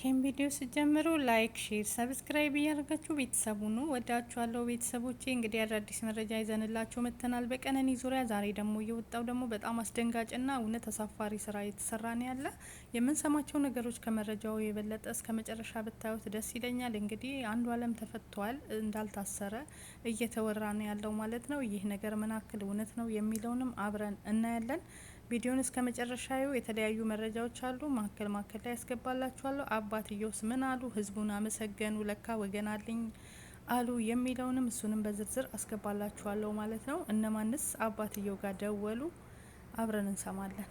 ይህን ቪዲዮ ስጀምሩ ላይክ፣ ሼር፣ ሰብስክራይብ እያደረጋችሁ ቤተሰቡ ኑ። ወዳችኋለሁ። ቤተሰቦቼ እንግዲህ አዳዲስ መረጃ ይዘንላችሁ መጥተናል በቀነኒ ዙሪያ። ዛሬ ደግሞ እየወጣው ደግሞ በጣም አስደንጋጭና እውነት አሳፋሪ ስራ እየተሰራ ነው ያለ የምንሰማቸው ነገሮች ከመረጃው የበለጠ እስከ መጨረሻ ብታዩት ደስ ይለኛል። እንግዲህ አንዱ አለም ተፈቷል እንዳልታሰረ እየተወራ ነው ያለው ማለት ነው። ይህ ነገር ምናክል እውነት ነው የሚለውንም አብረን እናያለን። ቪዲዮን እስከ መጨረሻ ዩ የተለያዩ መረጃዎች አሉ። ማከል ማከል ላይ ያስገባላችኋለሁ። አባትየውስ ምን አሉ? ህዝቡን አመሰገኑ፣ ለካ ወገን አለኝ አሉ የሚለውንም እሱንም በዝርዝር አስገባላችኋለሁ ማለት ነው። እነማንስ አባትየው ጋር ደወሉ? አብረን እንሰማለን።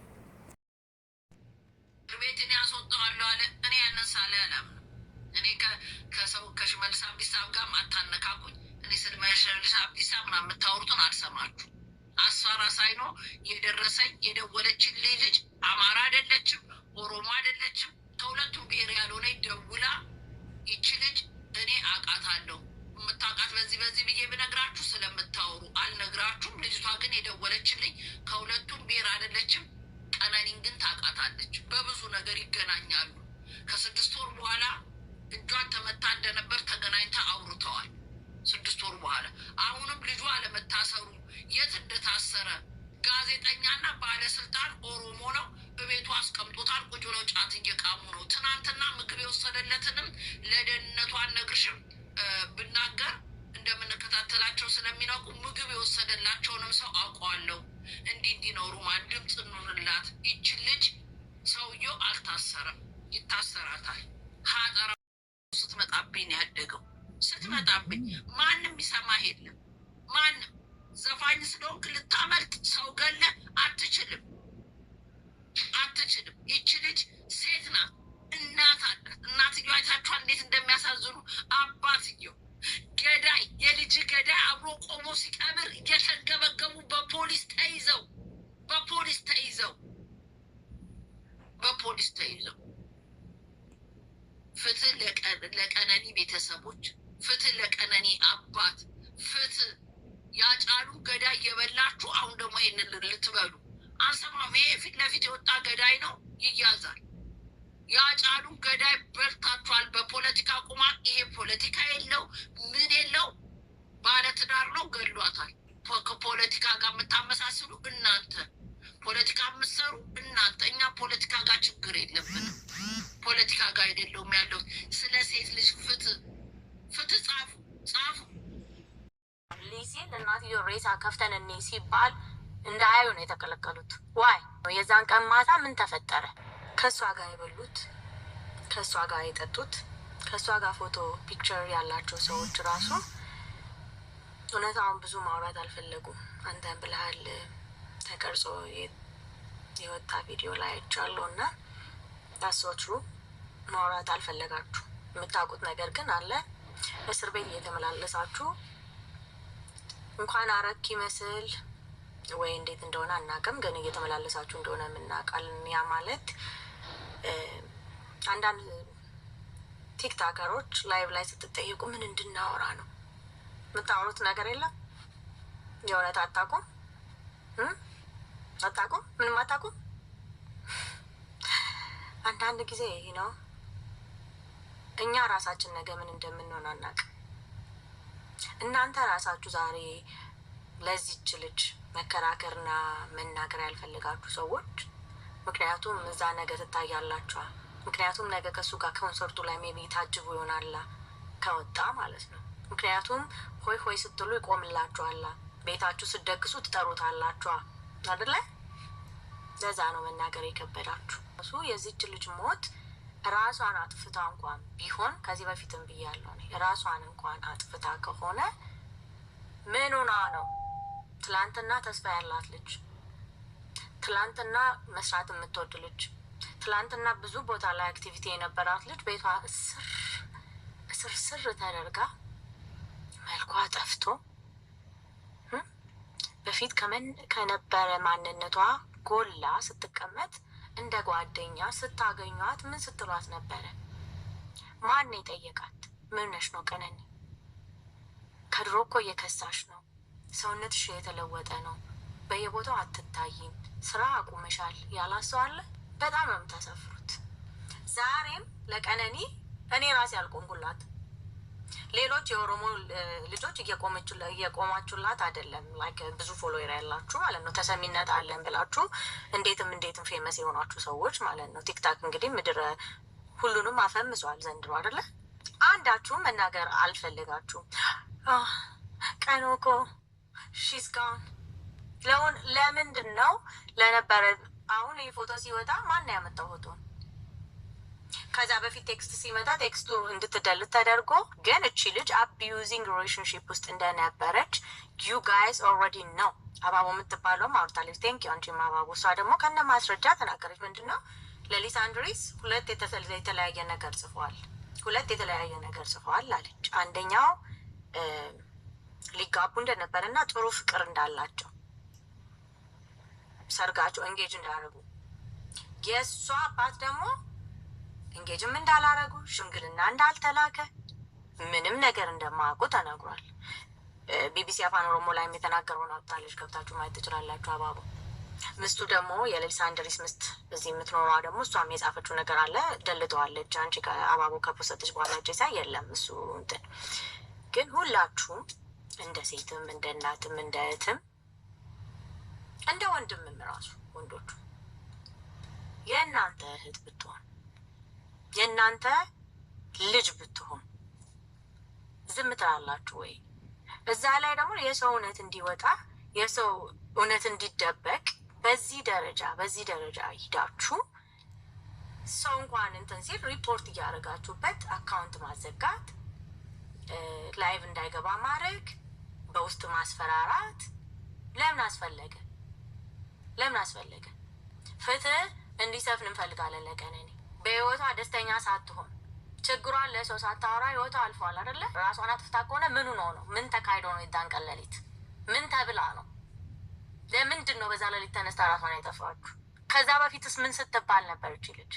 ቤትን ያስወጣዋለሁ አለ። እኔ ያነሳለ አላምነው። እኔ ከሰው ከሽመልስ አብዲሳ ጋር አታነካኩኝ። እኔ ስለ ሽመልስ አብዲሳ ምናምን የምታወሩትን አልሰማችሁ ሳራ ሳይኖ የደረሰኝ የደወለችልኝ ልጅ አማራ አይደለችም፣ ኦሮሞ አይደለችም፣ ከሁለቱም ብሔር ያልሆነኝ ደውላ ይቺ ልጅ እኔ አውቃታለሁ የምታውቃት በዚህ በዚህ ብዬ ብነግራችሁ ስለምታወሩ አልነግራችሁም። ልጅቷ ግን የደወለችልኝ ከሁለቱም ብሔር አይደለችም፣ ቀነኒን ግን ታውቃታለች፣ በብዙ ነገር ይገናኛሉ። ከስድስት ወር በኋላ እጇን ተመታ እንደነበር ተገናኝታ አውርተዋል። ስድስት ወር በኋላ አሁንም ልጁ አለመታሰሩ የት እንደታሰረ ጋዜጠኛና ባለስልጣን ኦሮሞ ነው። በቤቱ አስቀምጦታል። ቁጭ ብለው ጫት እየቃሙ ነው። ትናንትና ምግብ የወሰደለትንም ለደህንነቱ አልነግርሽም ብናገር እንደምንከታተላቸው ስለሚናውቁ ምግብ የወሰደላቸውንም ሰው አውቀዋለሁ። እንዲህ እንዲኖሩ ማን ድምፅ ይች ልጅ ሰውየው አልታሰረም፣ ይታሰራታል። ሀጠራ ስትመጣብኝ ያደገው ስትመጣብኝ ማንም ይሰማህ የለም። ማንም ዘፋኝ ስለሆንክ ልታመልጥ ሰው ገለ አትችልም፣ አትችልም። ይቺ ልጅ ሴት ናት፣ እናት አላት። እናትየው አይታችኋል እንዴት እንደሚያሳዝኑ። አባትየው ገዳይ፣ የልጅ ገዳይ አብሮ ቆሞ ሲቀብር እየተንገበገቡ በፖሊስ ተይዘው በፖሊስ ተይዘው በፖሊስ ተይዘው ፍትህ ለቀነኒ ቤተሰቦች ፍትህ ለቀነኔ አባት ፍትህ ያጫሉ ገዳይ የበላችሁ አሁን ደግሞ ይህንን ልትበሉ አንሰማም። ይሄ ፊት ለፊት የወጣ ገዳይ ነው ይያዛል። ያጫሉ ገዳይ በልታችኋል። በፖለቲካ ቁማር ይሄ ፖለቲካ የለው ምን የለው ባለትዳር ነው ገሏታል ከፖለቲካ ጋር የምታመሳስሉ እናንተ ፖለቲካ የምትሰሩ እናንተ፣ እኛ ፖለቲካ ጋር ችግር የለብንም። ፖለቲካ ጋር አይደለውም ያለው ስለ ሴት ልጅ ፍትህ ፍትህ ጻፉ ጻፉ ሲል እናትዮ ሬሳ ከፍተን እኔ ሲባል እንደ አዩ ነው የተቀለቀሉት። ዋይ የዛን ቀን ማታ ምን ተፈጠረ? ከእሷ ጋር የበሉት፣ ከእሷ ጋር የጠጡት፣ ከእሷ ጋር ፎቶ ፒክቸር ያላቸው ሰዎች ራሱ እውነታውን ብዙ ማውራት አልፈለጉም። አንተን ብለሃል ተቀርጾ የወጣ ቪዲዮ ላይ አይቻለሁ እና ዳሶችሩ ማውራት አልፈለጋችሁ። የምታውቁት ነገር ግን አለ እስር ቤት እየተመላለሳችሁ እንኳን አረክ ይመስል ወይ እንዴት እንደሆነ አናውቅም፣ ግን እየተመላለሳችሁ እንደሆነ የምናውቃለን። ያ ማለት አንዳንድ ቲክታከሮች ላይቭ ላይ ስትጠየቁ ምን እንድናወራ ነው የምታወሩት ነገር የለም። የእውነት አታቁም አታቁም ምንም አታቁም። አንዳንድ ጊዜ ነው እኛ ራሳችን ነገ ምን እንደምንሆን አናቅ። እናንተ ራሳችሁ ዛሬ ለዚች ልጅ መከራከርና መናገር ያልፈልጋችሁ ሰዎች፣ ምክንያቱም እዛ ነገ ትታያላችኋል። ምክንያቱም ነገ ከእሱ ጋር ኮንሰርቱ ላይ ሜቢ ታጅቡ ይሆናላ ከወጣ ማለት ነው። ምክንያቱም ሆይ ሆይ ስትሉ ይቆምላችኋላ። ቤታችሁ ስደግሱ ትጠሩታላችኋ አይደለ? ለዛ ነው መናገር የከበዳችሁ። እሱ የዚች ልጅ ሞት ራሷን አጥፍታ እንኳን ቢሆን ከዚህ በፊትም ብያለሁ፣ ራሷን እንኳን አጥፍታ ከሆነ ምን ሆና ነው? ትላንትና ተስፋ ያላት ልጅ፣ ትላንትና መስራት የምትወድ ልጅ፣ ትላንትና ብዙ ቦታ ላይ አክቲቪቲ የነበራት ልጅ ቤቷ እስር እስር ስር ተደርጋ መልኳ ጠፍቶ በፊት ከነበረ ማንነቷ ጎላ ስትቀመጥ እንደ ጓደኛ ስታገኟት ምን ስትሏት ነበረ? ማን የጠየቃት? ምን ነሽ ነው ቀነኒ? ከድሮ እኮ እየከሳሽ ነው። ሰውነትሽ የተለወጠ ነው። በየቦታው አትታይም። ስራ አቁመሻል ያላሰዋለ በጣም ነው የምታሰፍሩት። ዛሬም ለቀነኒ እኔ ራሴ አልቆምኩላት። ሌሎች የኦሮሞ ልጆች እየቆማችሁላት አይደለም። ላይክ ብዙ ፎሎዌር ያላችሁ ማለት ነው ተሰሚነት አለን ብላችሁ እንዴትም እንዴትም ፌመስ የሆናችሁ ሰዎች ማለት ነው። ቲክታክ እንግዲህ ምድረ ሁሉንም አፈምዟል ዘንድሮ አይደለ? አንዳችሁ መናገር አልፈልጋችሁም። ቀኖኮ ሺስ ጋን ለሁን ለምንድን ነው ለነበረ አሁን ይህ ፎቶ ሲወጣ ማን ያመጣው ፎቶን ከዛ በፊት ቴክስት ሲመጣ ቴክስቱ እንድትደልት ተደርጎ ግን እቺ ልጅ አቢዩዚንግ ሪሌሽንሽፕ ውስጥ እንደነበረች ዩ ጋይስ ኦልሬዲ ነው። አባቦ የምትባለውም አውርታለች። ቴንክ ዩ አንቺም አባቦ። እሷ ደግሞ ከነ ማስረጃ ተናገረች። ምንድን ነው አንድሪስ ሁለት የተለያየ ነገር ጽፈዋል፣ ሁለት የተለያየ ነገር ጽፈዋል አለች። አንደኛው ሊጋቡ እንደነበረ እና ጥሩ ፍቅር እንዳላቸው ሰርጋቸው እንጌጅ እንዳደረጉ የእሷ አባት ደግሞ እንጌጅም እንዳላረጉ ሽምግልና እንዳልተላከ ምንም ነገር እንደማያውቁ ተነግሯል። ቢቢሲ አፋን ኦሮሞ ላይም የተናገረውን አውጥታለች፣ ገብታችሁ ማየት ትችላላችሁ። አባቡ ምስቱ ደግሞ የሌሊሳ እንድሪስ ምስት እዚህ የምትኖረዋ ደግሞ እሷም የጻፈችው ነገር አለ፣ ደልጠዋለች። አንቺ አባቡ ከፖሰተች በኋላ ጄሳ የለም እሱ እንትን ግን ሁላችሁም እንደ ሴትም እንደ እናትም እንደ እህትም እንደ ወንድምም ራሱ ወንዶቹ የእናንተ እህት ብትሆን የእናንተ ልጅ ብትሆን ዝም ትላላችሁ ወይ? እዛ ላይ ደግሞ የሰው እውነት እንዲወጣ የሰው እውነት እንዲደበቅ በዚህ ደረጃ በዚህ ደረጃ ሂዳችሁ ሰው እንኳን እንትን ሲል ሪፖርት እያደረጋችሁበት አካውንት ማዘጋት፣ ላይቭ እንዳይገባ ማድረግ፣ በውስጥ ማስፈራራት ለምን አስፈለገ? ለምን አስፈለገ? ፍትህ እንዲሰፍን እንፈልጋለን ለቀነኔ በህይወቷ ደስተኛ ሳትሆን ችግሯን ለሰው ሳታወራ ህይወቷ አልፏል አይደለ? ራሷን አጥፍታ ከሆነ ምኑ ነው ነው? ምን ተካሂዶ ነው? የዛን ቀን ሌሊት ምን ተብላ ነው? ለምንድን ነው በዛ ሌሊት ተነስታ ራሷን የጠፋችሁ? ከዛ በፊትስ ምን ስትባል ነበር ይች ልጅ?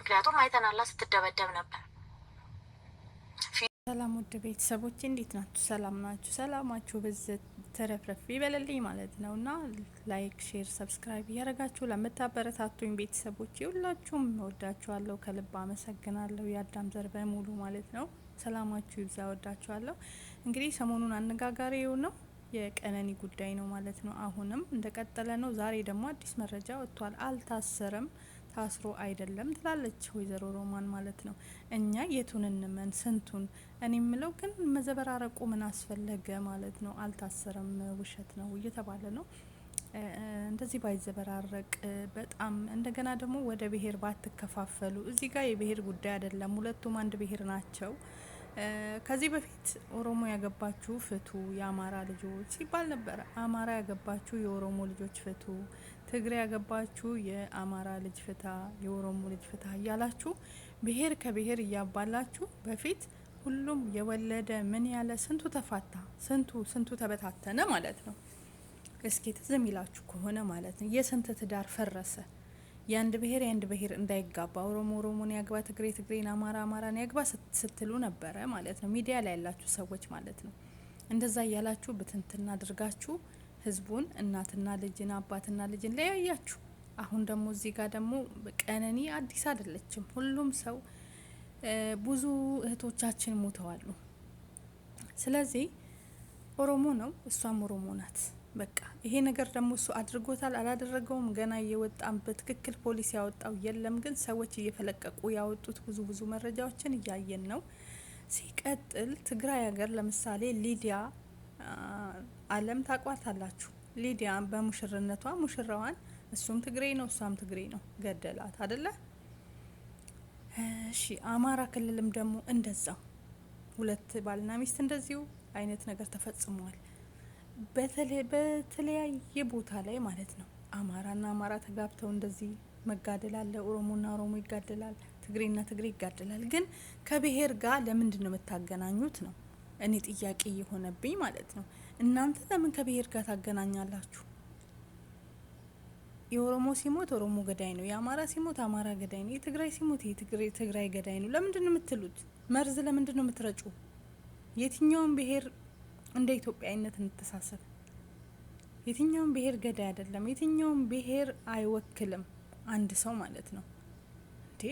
ምክንያቱም አይተናላ ስትደበደብ ነበር። ሰላም ውድ ቤተሰቦች እንዴት ናችሁ? ሰላም ናችሁ? ሰላማችሁ ብዝ ተረፍረፍ ይበለልኝ ማለት ነው እና ላይክ፣ ሼር፣ ሰብስክራይብ እያደረጋችሁ ለምታበረታቱኝ ቤተሰቦች ሁላችሁም ወዳችኋለሁ፣ ከልብ አመሰግናለሁ። የአዳም ዘር በሙሉ ማለት ነው። ሰላማችሁ ይብዛ፣ ወዳችኋለሁ። እንግዲህ ሰሞኑን አነጋጋሪው ነው የቀነኒ ጉዳይ ነው ማለት ነው። አሁንም እንደቀጠለ ነው። ዛሬ ደግሞ አዲስ መረጃ ወጥቷል። አልታሰረም ታስሮ አይደለም ትላለች ወይዘሮ ሮማን ማለት ነው። እኛ የቱን እንመን ስንቱን እኔ የምለው ግን መዘበራረቁ ምን አስፈለገ ማለት ነው። አልታሰረም፣ ውሸት ነው እየተባለ ነው። እንደዚህ ባይዘበራረቅ በጣም እንደገና ደግሞ ወደ ብሄር ባትከፋፈሉ። እዚህ ጋር የብሄር ጉዳይ አይደለም፣ ሁለቱም አንድ ብሄር ናቸው። ከዚህ በፊት ኦሮሞ ያገባችሁ ፍቱ የአማራ ልጆች ሲባል ነበር። አማራ ያገባችሁ የኦሮሞ ልጆች ፍቱ፣ ትግሬ ያገባችሁ የአማራ ልጅ ፍታ፣ የኦሮሞ ልጅ ፍታ እያላችሁ ብሄር ከብሄር እያባላችሁ በፊት ሁሉም የወለደ ምን ያለ ስንቱ ተፋታ፣ ስንቱ ስንቱ ተበታተነ ማለት ነው። እስኪ ትዝ የሚላችሁ ከሆነ ማለት ነው የስንት ትዳር ፈረሰ። የአንድ ብሔር የአንድ ብሄር እንዳይጋባ ኦሮሞ ኦሮሞን ያግባ፣ ትግሬ ትግሬን፣ አማራ አማራን ያግባ ስትሉ ነበረ ማለት ነው፣ ሚዲያ ላይ ያላችሁ ሰዎች ማለት ነው። እንደዛ እያላችሁ ብትንትና አድርጋችሁ ህዝቡን እናትና ልጅን አባትና ልጅን ለያያችሁ። አሁን ደግሞ እዚህ ጋር ደግሞ ቀነኒ አዲስ አይደለችም። ሁሉም ሰው ብዙ እህቶቻችን ሞተዋሉ። ስለዚህ ኦሮሞ ነው፣ እሷም ኦሮሞ ናት። በቃ ይሄ ነገር ደግሞ እሱ አድርጎታል አላደረገውም ገና እየወጣም በትክክል ፖሊስ ያወጣው የለም፣ ግን ሰዎች እየፈለቀቁ ያወጡት ብዙ ብዙ መረጃዎችን እያየን ነው። ሲቀጥል ትግራይ ሀገር ለምሳሌ ሊዲያ አለም ታቋታላችሁ። ሊዲያ በሙሽርነቷ ሙሽራዋን እሱም ትግሬ ነው እሷም ትግሬ ነው ገደላት አደለ? እሺ አማራ ክልልም ደግሞ እንደዛው ሁለት ባልና ሚስት እንደዚሁ አይነት ነገር ተፈጽሟል። በተለያየ ቦታ ላይ ማለት ነው። አማራና አማራ ተጋብተው እንደዚህ መጋደል አለ። ኦሮሞና ኦሮሞ ይጋደላል፣ ትግሬና ትግሬ ይጋደላል። ግን ከብሔር ጋር ለምንድን ነው የምታገናኙት ነው እኔ ጥያቄ የሆነብኝ ማለት ነው። እናንተ ለምን ከብሔር ጋር ታገናኛላችሁ? የኦሮሞ ሲሞት ኦሮሞ ገዳይ ነው፣ የአማራ ሲሞት አማራ ገዳይ ነው፣ የትግራይ ሲሞት የትግራይ ገዳይ ነው። ለምንድን ነው የምትሉት? መርዝ ለምንድን ነው የምትረጩ? የትኛውን ብሄር እንደ ኢትዮጵያዊነት እንተሳሰብ። የትኛውን ብሄር ገዳይ አይደለም፣ የትኛውን ብሄር አይወክልም። አንድ ሰው ማለት ነው እንዴ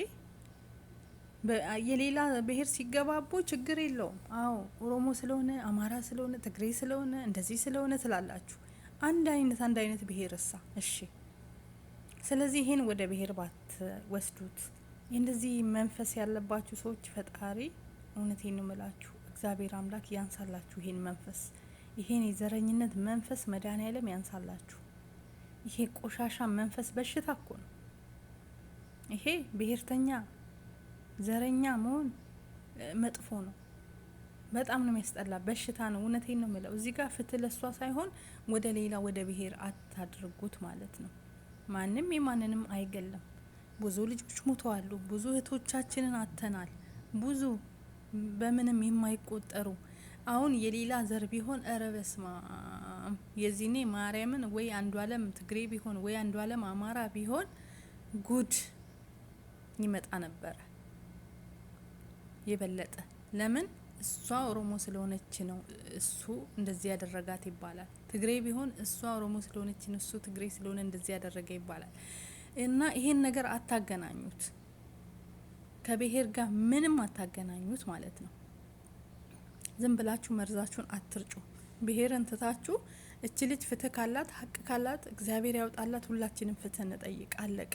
የሌላ ብሄር ሲገባቦ ችግር የለውም። አዎ ኦሮሞ ስለሆነ አማራ ስለሆነ ትግሬ ስለሆነ እንደዚህ ስለሆነ ትላላችሁ። አንድ አይነት አንድ አይነት ብሄር እሳ እሺ ስለዚህ ይህን ወደ ብሄር ባት ወስዱት። እንደዚህ መንፈስ ያለባችሁ ሰዎች ፈጣሪ እውነቴን እምላችሁ እግዚአብሔር አምላክ ያንሳላችሁ። ይሄን መንፈስ ይሄን የዘረኝነት መንፈስ መድኃኔዓለም ያንሳላችሁ። ይሄ ቆሻሻ መንፈስ በሽታ እኮ ነው። ይሄ ብሔርተኛ ዘረኛ መሆን መጥፎ ነው። በጣም ነው የሚያስጠላ፣ በሽታ ነው። እውነቴን ነው ምለው። እዚህ ጋር ፍትህ ለእሷ ሳይሆን ወደ ሌላ ወደ ብሄር አታድርጉት ማለት ነው። ማንም የማንንም አይገለም። ብዙ ልጆች ሙተዋሉ። ብዙ እህቶቻችንን አተናል። ብዙ በምንም የማይቆጠሩ አሁን የሌላ ዘር ቢሆን እረ በስማም የዚኔ ማርያምን ወይ አንዱ አለም ትግሬ ቢሆን ወይ አንዱ አለም አማራ ቢሆን ጉድ ይመጣ ነበረ የበለጠ ለምን እሷ ኦሮሞ ስለሆነች ነው እሱ እንደዚህ ያደረጋት ይባላል። ትግሬ ቢሆን እሷ ኦሮሞ ስለሆነች ነው እሱ ትግሬ ስለሆነ እንደዚህ ያደረገ ይባላል። እና ይሄን ነገር አታገናኙት፣ ከብሄር ጋር ምንም አታገናኙት ማለት ነው። ዝም ብላችሁ መርዛችሁን አትርጩ። ብሄርን ትታችሁ እች ልጅ ፍትህ ካላት ሀቅ ካላት እግዚአብሔር ያውጣላት። ሁላችንም ፍትህ እንጠይቅ። አለቀ።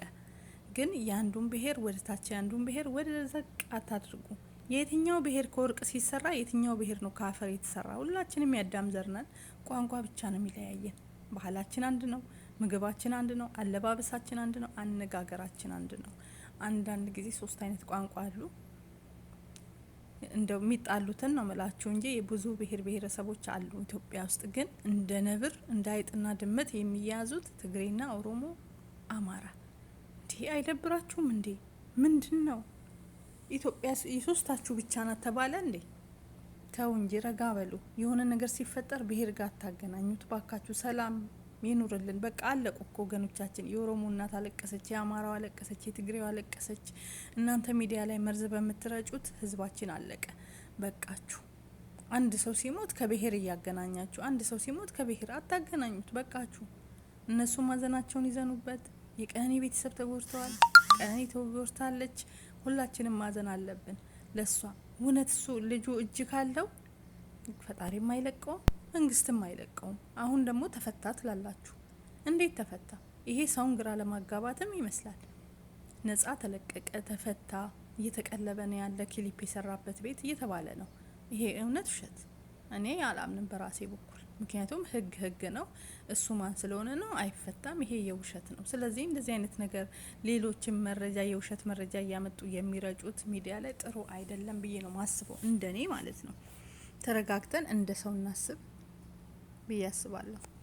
ግን የአንዱን ብሄር ወደ ታች የአንዱን ብሄር ወደ ዘቅ አታድርጉ። የትኛው ብሔር ከወርቅ ሲሰራ የትኛው ብሔር ነው ከአፈር የተሰራ? ሁላችንም ያዳም ዘርነን ቋንቋ ብቻ ነው የሚለያየን። ባህላችን አንድ ነው፣ ምግባችን አንድ ነው፣ አለባበሳችን አንድ ነው፣ አነጋገራችን አንድ ነው። አንዳንድ ጊዜ ሶስት አይነት ቋንቋ አሉ። እንደው የሚጣሉትን ነው ምላችሁ እንጂ የብዙ ብሄር ብሄረሰቦች አሉ ኢትዮጵያ ውስጥ። ግን እንደ ነብር እንደ አይጥና ድመት የሚያዙት ትግሬና ኦሮሞ፣ አማራ። እንዲህ አይደብራችሁም እንዴ? ምንድን ነው ኢትዮጵያ የሶስታችሁ ብቻ ናት ተባለ እንዴ? ተው እንጂ ረጋ በሉ። የሆነ ነገር ሲፈጠር ብሄር ጋር አታገናኙት ባካችሁ። ሰላም ይኑርልን። በቃ አለቁ እኮ ወገኖቻችን። የኦሮሞ እናት አለቀሰች፣ የአማራው አለቀሰች፣ የትግሬው አለቀሰች። እናንተ ሚዲያ ላይ መርዝ በምትረጩት ህዝባችን አለቀ። በቃችሁ። አንድ ሰው ሲሞት ከብሄር እያገናኛችሁ፣ አንድ ሰው ሲሞት ከብሄር አታገናኙት። በቃችሁ። እነሱ ማዘናቸውን ይዘኑበት። የቀነኒ ቤተሰብ ተጎድተዋል። ቀነኒ ተጎድታለች። ሁላችንም ማዘን አለብን ለሷ። እውነት እሱ ልጁ እጅ ካለው ፈጣሪም አይለቀውም፣ መንግስትም አይለቀውም። አሁን ደግሞ ተፈታ ትላላችሁ። እንዴት ተፈታ? ይሄ ሰውን ግራ ለማጋባትም ይመስላል። ነጻ ተለቀቀ፣ ተፈታ፣ እየተቀለበ ነው ያለ ክሊፕ የሰራበት ቤት እየተባለ ነው። ይሄ እውነት ውሸት? እኔ አላምንም በራሴ በኩል ምክንያቱም ህግ ህግ ነው። እሱ ማን ስለሆነ ነው አይፈታም። ይሄ የውሸት ነው። ስለዚህ እንደዚህ አይነት ነገር ሌሎችን መረጃ የውሸት መረጃ እያመጡ የሚረጩት ሚዲያ ላይ ጥሩ አይደለም ብዬ ነው ማስበው፣ እንደኔ ማለት ነው። ተረጋግተን እንደ ሰው እናስብ ብዬ አስባለሁ።